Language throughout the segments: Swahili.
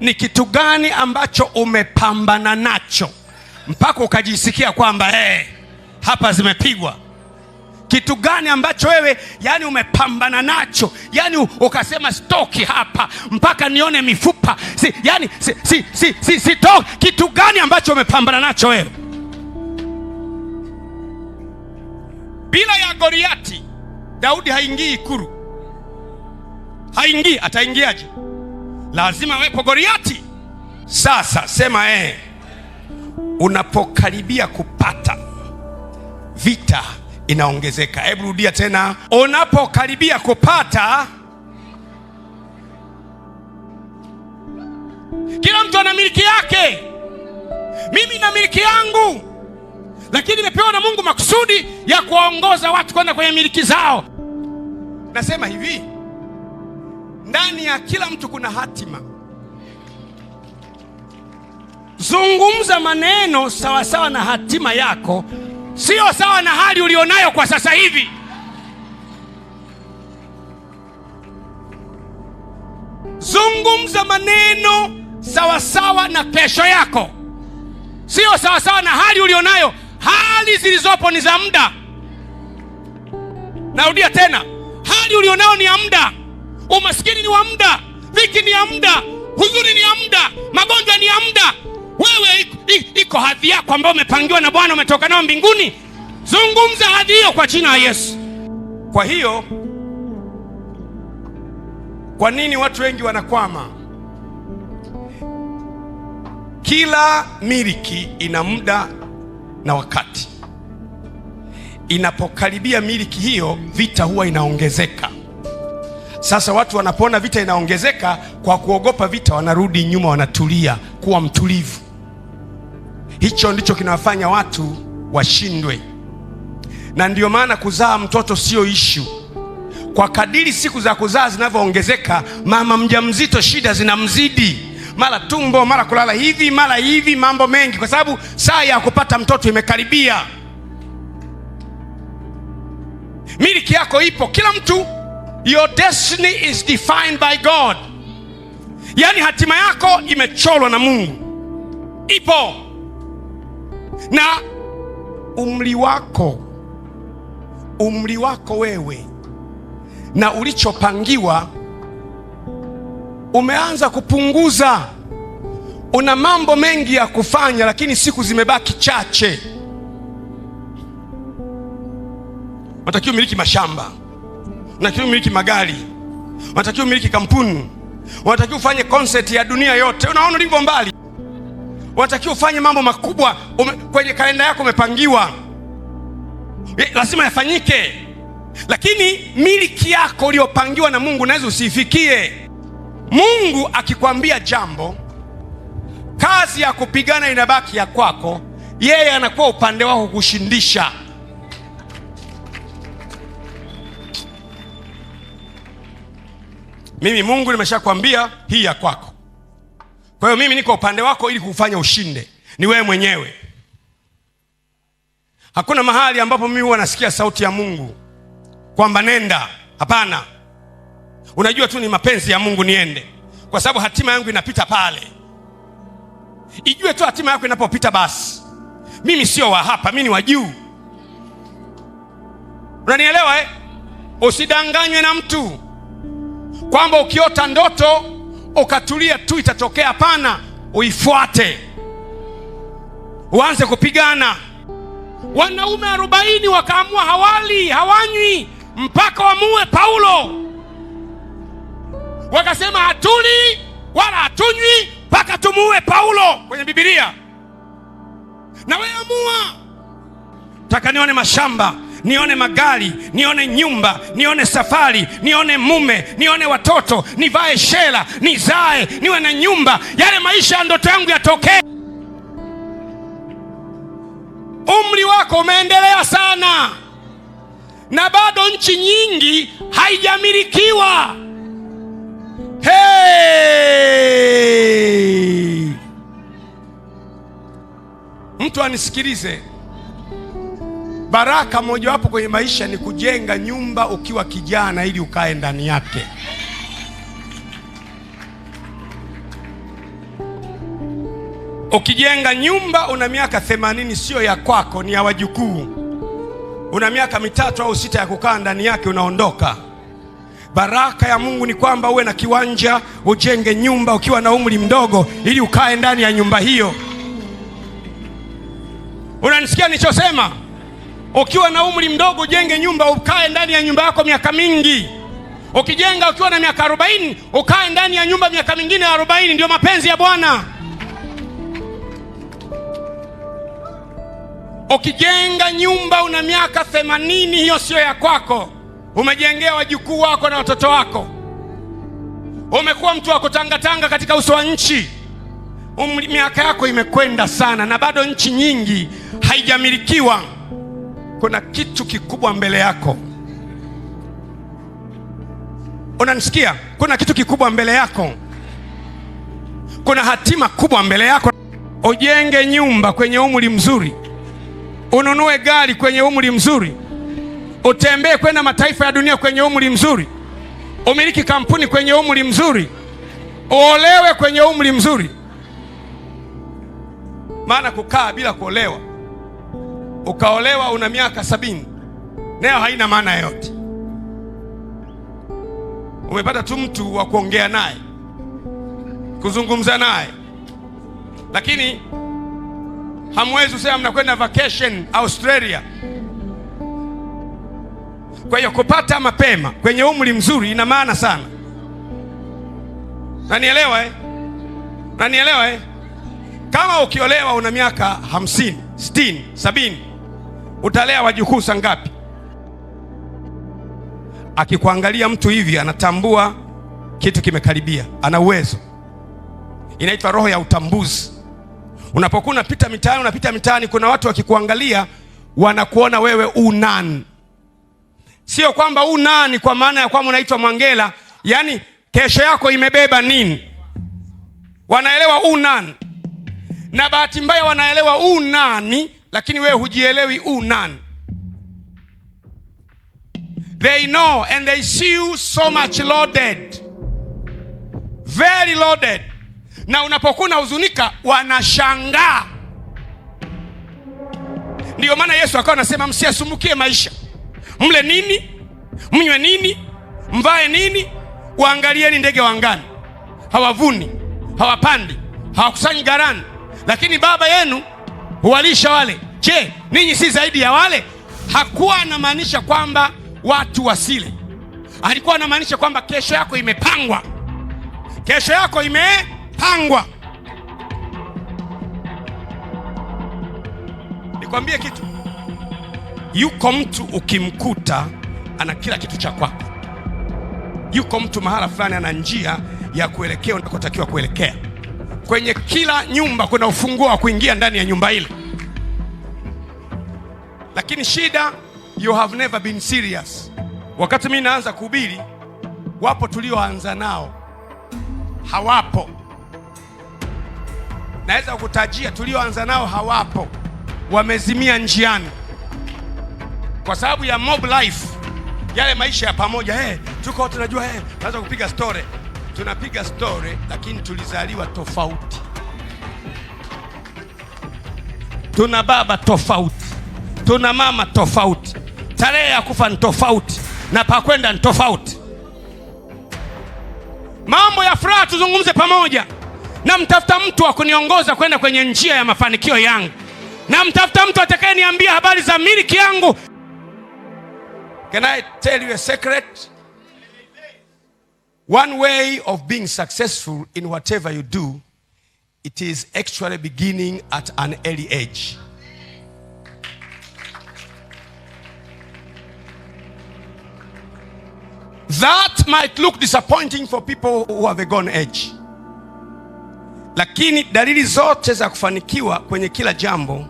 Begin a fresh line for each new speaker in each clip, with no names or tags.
Ni kitu gani ambacho umepambana nacho mpaka ukajisikia kwamba hey, hapa zimepigwa? Kitu gani ambacho wewe yani umepambana nacho yani ukasema stoki hapa mpaka nione mifupa si, yani si, si, si, si, si, kitu gani ambacho umepambana nacho wewe? Bila ya goriati Daudi haingii ikuru haingii. Ataingiaje? lazima wepo Goliati. Sasa sema eh, unapokaribia kupata vita inaongezeka. Hebu rudia tena, unapokaribia kupata. Kila mtu ana miliki yake, mimi na miliki yangu, lakini nimepewa na Mungu makusudi ya kuwaongoza watu kwenda kwenye miliki zao. Nasema hivi ndani ya kila mtu kuna hatima. Zungumza maneno sawasawa sawa na hatima yako, sio sawa na hali ulionayo kwa sasa hivi. Zungumza maneno sawasawa sawa na kesho yako, sio sawa sawa na hali ulionayo. Hali zilizopo ni za muda. Narudia tena, hali ulionayo ni ya muda. Umaskini ni wa muda, dhiki ni ya muda, huzuni ni ya muda, magonjwa ni ya muda. Wewe iko hadhi yako ambayo umepangiwa na Bwana, umetoka nayo mbinguni. Zungumza hadhi hiyo kwa jina la Yesu. Kwa hiyo, kwa nini watu wengi wanakwama? Kila miliki ina muda na wakati. Inapokaribia miliki hiyo, vita huwa inaongezeka. Sasa watu wanapoona vita inaongezeka, kwa kuogopa vita, wanarudi nyuma, wanatulia, kuwa mtulivu. Hicho ndicho kinawafanya watu washindwe, na ndiyo maana kuzaa mtoto sio ishu. Kwa kadiri siku za kuzaa zinavyoongezeka, mama mjamzito shida zinamzidi, mara tumbo, mara kulala hivi, mara hivi, mambo mengi, kwa sababu saa ya kupata mtoto imekaribia. Miliki yako ipo, kila mtu Your destiny is defined by God. Yaani hatima yako imecholwa na Mungu, ipo na umri wako, umri wako wewe na ulichopangiwa umeanza kupunguza. Una mambo mengi ya kufanya, lakini siku zimebaki chache. Unatakiwa umiliki mashamba unatakiwa umiliki magari, unatakiwa umiliki kampuni, unatakiwa ufanye konseti ya dunia yote. Unaona ulivyo mbali, unatakiwa ufanye mambo makubwa ume, kwenye kalenda yako umepangiwa, lazima yafanyike. Lakini miliki yako uliyopangiwa na Mungu unaweza usiifikie. Mungu akikwambia jambo, kazi ya kupigana inabaki ya kwako, yeye anakuwa upande wako kushindisha. Mimi Mungu nimeshakwambia hii ya kwako. Kwa hiyo mimi niko upande wako ili kufanya ushinde, ni wewe mwenyewe. Hakuna mahali ambapo mimi huwa nasikia sauti ya Mungu kwamba nenda. Hapana, unajua tu ni mapenzi ya Mungu niende, kwa sababu hatima yangu inapita pale. Ijue tu hatima yako inapopita, basi mimi sio wa hapa, mimi ni wa juu. Unanielewa eh? Usidanganywe na mtu kwamba ukiota ndoto ukatulia tu itatokea. Hapana, uifuate, uanze kupigana. Wanaume arobaini wakaamua hawali hawanywi mpaka wamue Paulo. Wakasema hatuli wala hatunywi mpaka tumuue Paulo kwenye Biblia. Na wewe amua, nione mashamba nione magari, nione nyumba, nione safari, nione mume, nione watoto, nivae shela, nizae, niwe na nyumba, yale maisha ya ndoto yangu yatokee. Umri wako umeendelea sana, na bado nchi nyingi haijamilikiwa. Hey! Mtu anisikilize. Baraka mojawapo kwenye maisha ni kujenga nyumba ukiwa kijana, ili ukae ndani yake. Ukijenga nyumba una miaka themanini, siyo ya kwako, ni ya wajukuu. Una miaka mitatu au sita ya kukaa ndani yake, unaondoka. Baraka ya Mungu ni kwamba uwe na kiwanja, ujenge nyumba ukiwa na umri mdogo, ili ukae ndani ya nyumba hiyo. Unanisikia nilichosema? Ukiwa na umri mdogo ujenge nyumba ukae ndani ya nyumba yako miaka mingi. Ukijenga ukiwa na miaka arobaini ukae ndani ya nyumba miaka mingine arobaini. Ndio mapenzi ya Bwana. Ukijenga nyumba una miaka themanini, hiyo siyo ya kwako, umejengea wajukuu wako na watoto wako. Umekuwa mtu wa kutangatanga katika uso wa nchi, miaka yako imekwenda sana, na bado nchi nyingi haijamilikiwa kuna kitu kikubwa mbele yako. Unanisikia? Kuna kitu kikubwa mbele yako, kuna hatima kubwa mbele yako. Ujenge nyumba kwenye umri mzuri, ununue gari kwenye umri mzuri, utembee kwenda mataifa ya dunia kwenye umri mzuri, umiliki kampuni kwenye umri mzuri, uolewe kwenye umri mzuri, maana kukaa bila kuolewa ukaolewa una miaka sabini, nayo haina maana yoyote. Umepata tu mtu wa kuongea naye, kuzungumza naye, lakini hamwezi kusema mnakwenda vacation Australia. Kwa hiyo kupata mapema kwenye umri mzuri ina maana sana. Nanielewa eh? Nanielewa eh? Kama ukiolewa una miaka hamsini, sitini, sabini Utalea wajukuu sangapi? Akikuangalia mtu hivi, anatambua kitu kimekaribia, ana uwezo. Inaitwa roho ya utambuzi. Unapokuwa unapita mitaani, unapita mitaani, kuna watu wakikuangalia wanakuona wewe u nani. Sio kwamba u nani kwa maana ya kwamba unaitwa Mwangela, yaani kesho yako imebeba nini. Wanaelewa u nani, na bahati mbaya wanaelewa u nani lakini wewe hujielewi u nani. They know and they see you so much loaded. Very loaded. Na unapokuwa unahuzunika wanashangaa. Ndiyo maana Yesu akawa anasema msiasumbukie maisha, mle nini, mnywe nini, mvae nini. Waangalieni ndege wangani hawavuni, hawapandi, hawakusanyi garani lakini Baba yenu huwalisha wale. Je, ninyi si zaidi ya wale? Hakuwa anamaanisha kwamba watu wasile, alikuwa anamaanisha kwamba kesho yako imepangwa, kesho yako imepangwa. Nikwambie kitu, yuko mtu ukimkuta ana kila kitu cha kwako. Yuko mtu mahala fulani ana njia ya kuelekea unakotakiwa kuelekea Kwenye kila nyumba kuna ufunguo wa kuingia ndani ya nyumba ile, lakini shida, you have never been serious. Wakati mimi naanza kuhubiri, wapo tulioanza nao hawapo. Naweza kukutajia tulioanza nao hawapo, wamezimia njiani kwa sababu ya mob life, yale maisha ya pamoja. Hey, eh, tuko tunajua, hey, eh, naweza kupiga story tunapiga story, lakini tulizaliwa tofauti, tuna baba tofauti, tuna mama tofauti, tarehe ya kufa ni tofauti na pakwenda ni tofauti. Mambo ya furaha tuzungumze pamoja. Namtafuta mtu wa kuniongoza kwenda kwenye njia ya mafanikio yangu. Namtafuta mtu atakayeniambia habari za miliki yangu.
Can I tell you a secret? One way of being successful in whatever you do, it is actually beginning at an early age. That might look disappointing for people who have a gone age. Lakini dalili zote za kufanikiwa kwenye kila jambo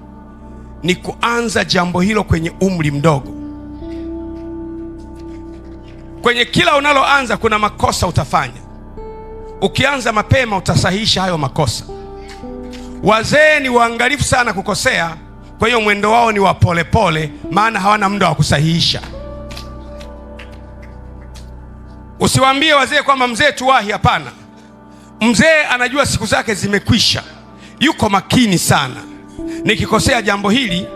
ni kuanza jambo hilo kwenye umri mdogo. Kwenye kila unaloanza kuna makosa utafanya. Ukianza mapema utasahihisha hayo makosa. Wazee ni waangalifu sana kukosea, kwa hiyo mwendo wao ni wa polepole, maana hawana muda wa kusahihisha. Usiwaambie wazee kwamba mzee tuwahi. Hapana, mzee anajua siku zake zimekwisha, yuko makini sana. Nikikosea jambo hili,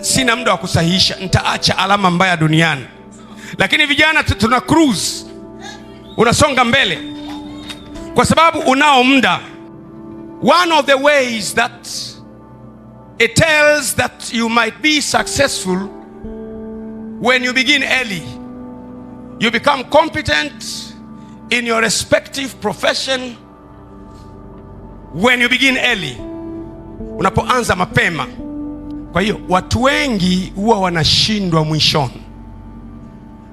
sina muda wa kusahihisha, nitaacha alama mbaya duniani. Lakini vijana tuna cruise, unasonga mbele kwa sababu unao muda. One of the ways that it tells that you might be successful when you begin early, you become competent in your respective profession when you begin early, unapoanza mapema. Kwa hiyo watu wengi huwa wanashindwa mwishoni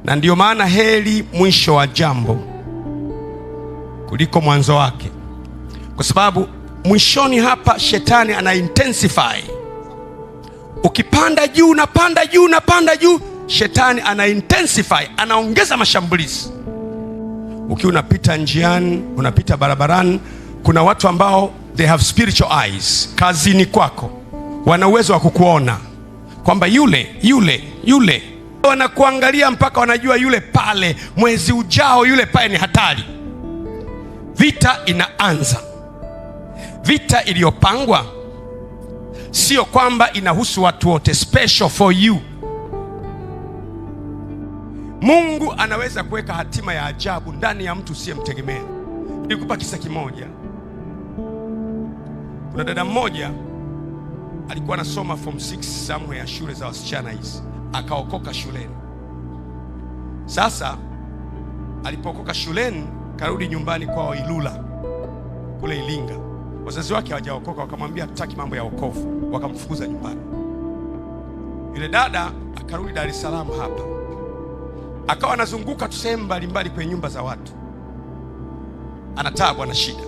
na ndiyo maana heri mwisho wa jambo kuliko mwanzo wake, kwa sababu mwishoni hapa shetani ana intensify. Ukipanda juu, unapanda juu, unapanda juu, shetani ana intensify, anaongeza mashambulizi. Ukiwa unapita njiani, unapita barabarani, kuna watu ambao they have spiritual eyes, kazini kwako, wana uwezo wa kukuona kwamba yule yule yule wanakuangalia mpaka wanajua yule pale, mwezi ujao yule pale ni hatari. Vita inaanza. Vita iliyopangwa sio kwamba inahusu watu wote, special for you. Mungu anaweza kuweka hatima ya ajabu ndani ya mtu usiyemtegemea. Nikupa kisa kimoja. Kuna dada mmoja alikuwa anasoma form 6 somewhere ya shule za wasichana hizi akaokoka shuleni. Sasa alipookoka shuleni, karudi nyumbani kwao Ilula kule Ilinga. Wazazi wake hawajaokoka, wakamwambia hatutaki mambo ya wokovu, wakamfukuza nyumbani. Yule dada akarudi Dar es Salaam hapa, akawa anazunguka tu sehemu mbalimbali kwenye nyumba za watu, anataabwa na shida.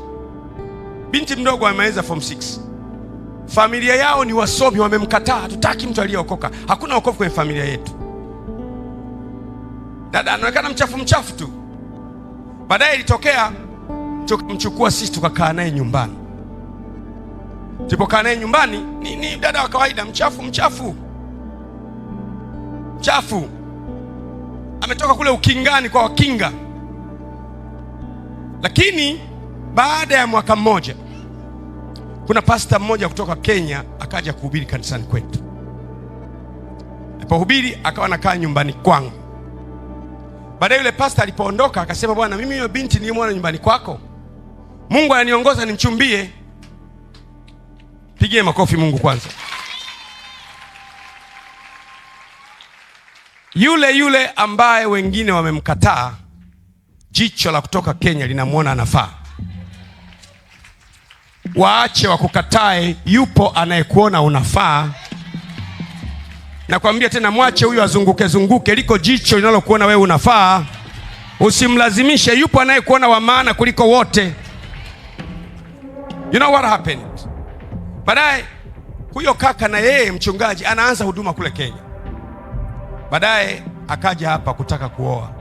Binti mdogo ameweza form 6 familia yao ni wasomi, wamemkataa. Hatutaki mtu aliyeokoka. Hakuna wokovu kwenye familia yetu. Dada anaonekana mchafu mchafu tu, baadaye ilitokea tukamchukua sisi tukakaa naye nyumbani. Tulipokaa naye nyumbani, ni, ni dada wa kawaida mchafu mchafu mchafu, ametoka kule ukingani kwa Wakinga, lakini baada ya mwaka mmoja kuna pasta mmoja kutoka Kenya akaja kuhubiri kanisani kwetu. Alipohubiri akawa nakaa nyumbani kwangu. Baadaye yule pasta alipoondoka akasema, bwana, mimi hiyo binti nilimwona nyumbani kwako, Mungu ananiongoza nimchumbie. Pigie makofi Mungu kwanza. Yule yule ambaye wengine wamemkataa, jicho la kutoka Kenya linamwona anafaa waache wakukatae, yupo anayekuona unafaa. Nakwambia tena, mwache huyo azunguke zunguke, liko jicho linalokuona wewe unafaa. Usimlazimishe, yupo anayekuona wa maana kuliko wote. You know what happened? Baadaye huyo kaka na yeye mchungaji anaanza huduma kule Kenya. Baadaye akaja hapa kutaka kuoa,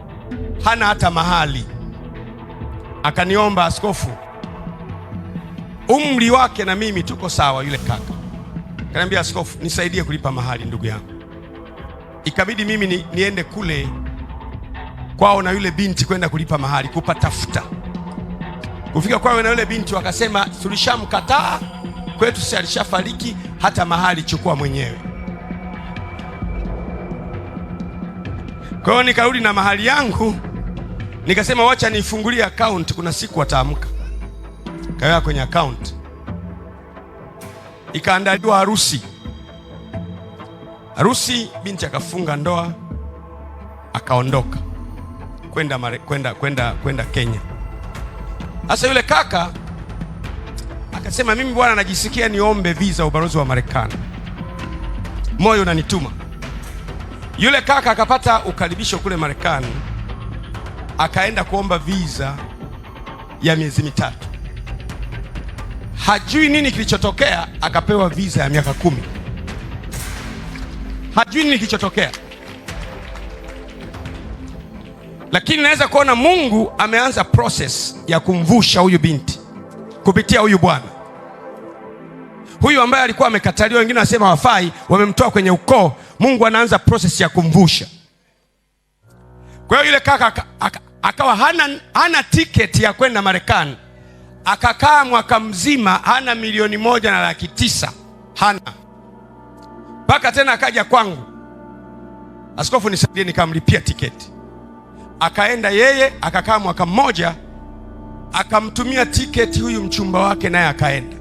hana hata mahali, akaniomba askofu umri wake na mimi tuko sawa. Yule kaka kaniambia, askofu, nisaidie kulipa mahali ndugu yangu. Ikabidi mimi ni, niende kule kwao na yule binti kwenda kulipa mahali, kupatafuta. Kufika kwao na yule binti wakasema, tulishamkataa kwetu, si alishafariki, hata mahali chukua mwenyewe. Kwa hiyo nikarudi na mahali yangu, nikasema wacha nifungulie akaunti, kuna siku wataamka kawea kwenye akaunti, ikaandaliwa harusi. Harusi, binti akafunga ndoa, akaondoka kwenda kwenda kwenda kwenda Kenya. Sasa yule kaka akasema, mimi bwana, najisikia niombe visa ubalozi wa Marekani, moyo unanituma. Yule kaka akapata ukaribisho kule Marekani, akaenda kuomba visa ya miezi mitatu hajui nini kilichotokea, akapewa visa ya miaka kumi. Hajui nini kilichotokea, lakini naweza kuona Mungu ameanza process ya kumvusha huyu binti kupitia huyu bwana huyu ambaye alikuwa amekataliwa, wengine wanasema wafai, wamemtoa kwenye ukoo. Mungu anaanza process ya kumvusha. Kwa hiyo yule kaka akawa hana, hana tiketi ya kwenda Marekani akakaa mwaka mzima hana milioni moja na laki tisa hana mpaka tena akaja kwangu, askofu nisaidie, nikamlipia tiketi. Akaenda yeye akakaa mwaka mmoja, akamtumia tiketi huyu mchumba wake, naye akaenda.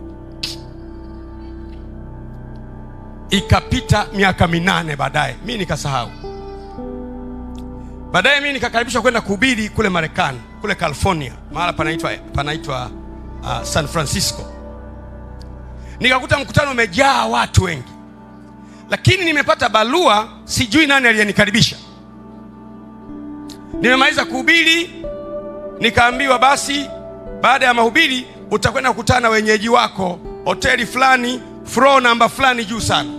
Ikapita miaka minane baadaye, mi nikasahau. Baadaye mi nikakaribishwa kwenda kuhubiri kule Marekani, kule California, mahala panaitwa panaitwa uh, San Francisco, nikakuta mkutano umejaa watu wengi, lakini nimepata barua, sijui nani aliyenikaribisha. Nimemaliza kuhubiri, nikaambiwa basi, baada ya mahubiri utakwenda kukutana na wenyeji wako hoteli fulani, floor namba fulani juu sana.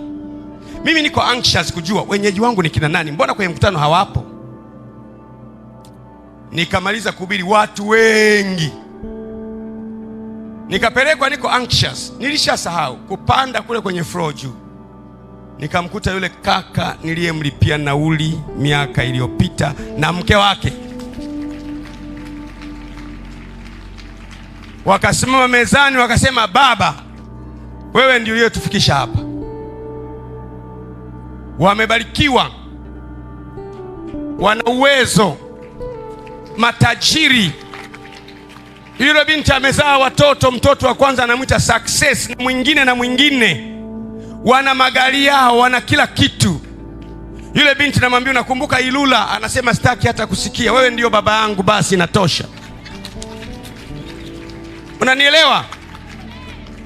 Mimi niko anxious kujua wenyeji wangu ni kina nani, mbona kwenye mkutano hawapo? Nikamaliza kuhubiri, watu wengi Nikapelekwa, niko anxious, nilishasahau kupanda kule kwenye floor juu. Nikamkuta yule kaka niliyemlipia nauli miaka iliyopita na mke wake, wakasimama mezani, wakasema, baba, wewe ndio uliyetufikisha hapa. Wamebarikiwa, wana uwezo, matajiri yule binti amezaa watoto, mtoto wa kwanza anamwita Success na mwingine na mwingine, wana magari yao, wana kila kitu. Yule binti namwambia, unakumbuka Ilula? Anasema sitaki hata kusikia, wewe ndio baba yangu, basi natosha. Unanielewa?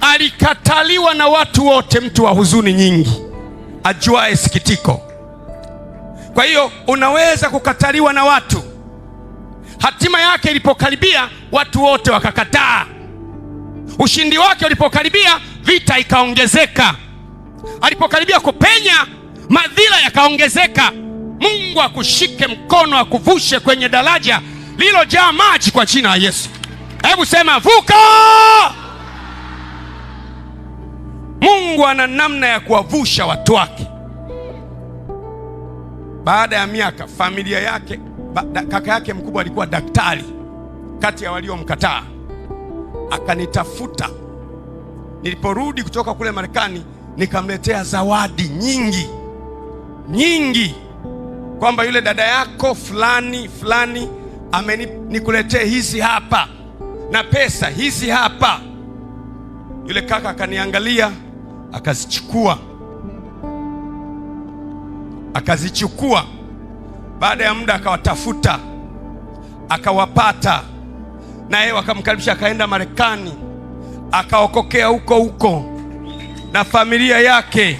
Alikataliwa na watu wote, mtu wa huzuni nyingi, ajuae sikitiko. Kwa hiyo unaweza kukataliwa na watu Hatima yake ilipokaribia watu wote wakakataa. Ushindi wake ulipokaribia vita ikaongezeka. Alipokaribia kupenya madhila yakaongezeka. Mungu akushike mkono akuvushe kwenye daraja lililojaa maji kwa jina la Yesu. Hebu sema vuka! Mungu ana namna ya kuwavusha watu wake. Baada ya miaka, familia yake kaka yake mkubwa alikuwa daktari kati ya waliomkataa, akanitafuta. Niliporudi kutoka kule Marekani, nikamletea zawadi nyingi nyingi, kwamba yule dada yako fulani fulani amenikuletea hizi hapa na pesa hizi hapa. Yule kaka akaniangalia, akazichukua akazichukua baada ya muda akawatafuta akawapata, na yeye wakamkaribisha, akaenda Marekani akaokokea huko huko na familia yake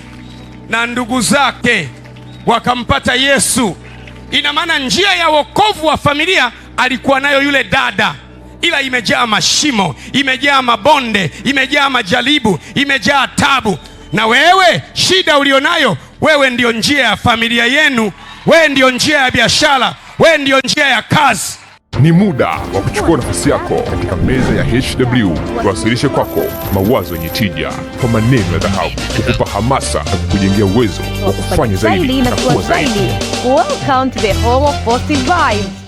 na ndugu zake wakampata Yesu. Ina maana njia ya wokovu wa familia alikuwa nayo yule dada, ila imejaa mashimo, imejaa mabonde, imejaa majaribu, imejaa tabu. Na wewe shida ulionayo wewe, ndiyo njia ya familia yenu wewe ndiyo njia ya biashara, wewe ndiyo njia ya kazi.
Ni muda wa kuchukua nafasi yako katika meza ya HW, tuwasilishe kwako mawazo yenye tija kwa maneno ya dhahabu, kukupa hamasa na kukujengea uwezo wa kufanya zaidi na kuwa zaidi. Welcome to the home of positive vibes.